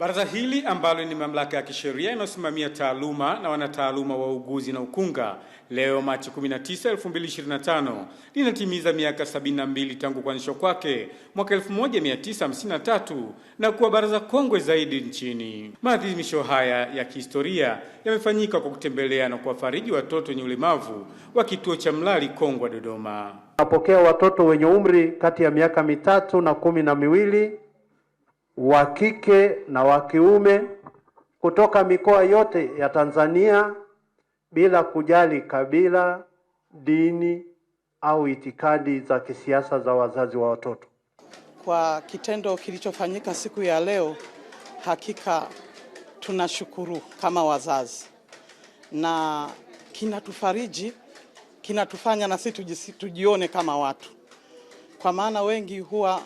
Baraza hili ambalo ni mamlaka ya kisheria inayosimamia taaluma na wanataaluma wa uuguzi na ukunga, leo Machi 19, 2025 linatimiza miaka 72 tangu kuanzishwa kwake mwaka 1953 na kuwa baraza kongwe zaidi nchini. Maadhimisho haya ya kihistoria yamefanyika kwa kutembelea na kuwafariji watoto wenye ulemavu wa kituo cha Mlali Kongwa, Dodoma. Napokea watoto wenye umri kati ya miaka mitatu na kumi na miwili wa kike na wa kiume kutoka mikoa yote ya Tanzania bila kujali kabila, dini au itikadi za kisiasa za wazazi wa watoto. Kwa kitendo kilichofanyika siku ya leo, hakika tunashukuru kama wazazi na kinatufariji, kinatufanya na sisi tujione kama watu, kwa maana wengi huwa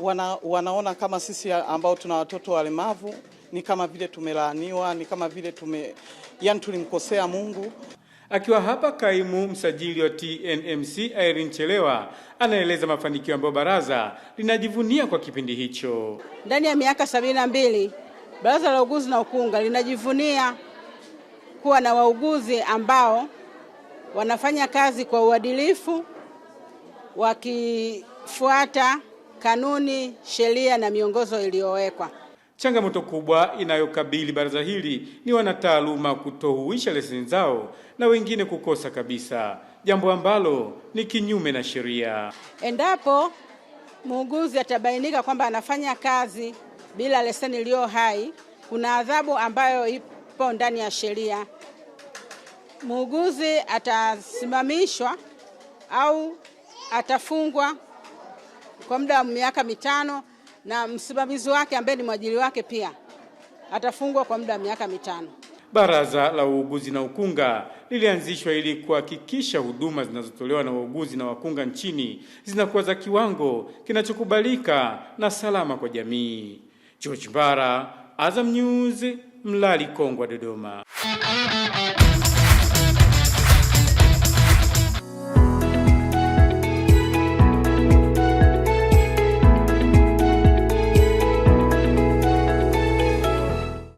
wana, wanaona kama sisi ambao tuna watoto walemavu ni kama vile tumelaaniwa, ni kama vile tume, yani tulimkosea Mungu. Akiwa hapa kaimu msajili wa TNMC Irene Chelewa anaeleza mafanikio ambayo baraza linajivunia kwa kipindi hicho. Ndani ya miaka sabini na mbili baraza la uguzi na ukunga linajivunia kuwa na wauguzi ambao wanafanya kazi kwa uadilifu wakifuata kanuni, sheria na miongozo iliyowekwa. Changamoto kubwa inayokabili baraza hili ni wanataaluma kutohuisha leseni zao na wengine kukosa kabisa, jambo ambalo ni kinyume na sheria. Endapo muuguzi atabainika kwamba anafanya kazi bila leseni iliyo hai, kuna adhabu ambayo ipo ndani ya sheria. Muuguzi atasimamishwa au atafungwa kwa muda wa miaka mitano na msimamizi wake ambaye ni mwajiri wake pia atafungwa kwa muda wa miaka mitano. Baraza la Uuguzi na Ukunga lilianzishwa ili kuhakikisha huduma zinazotolewa na wauguzi na wakunga nchini zinakuwa za kiwango kinachokubalika na salama kwa jamii. George Mbara, Azam News, Mlali Kongwa, Dodoma.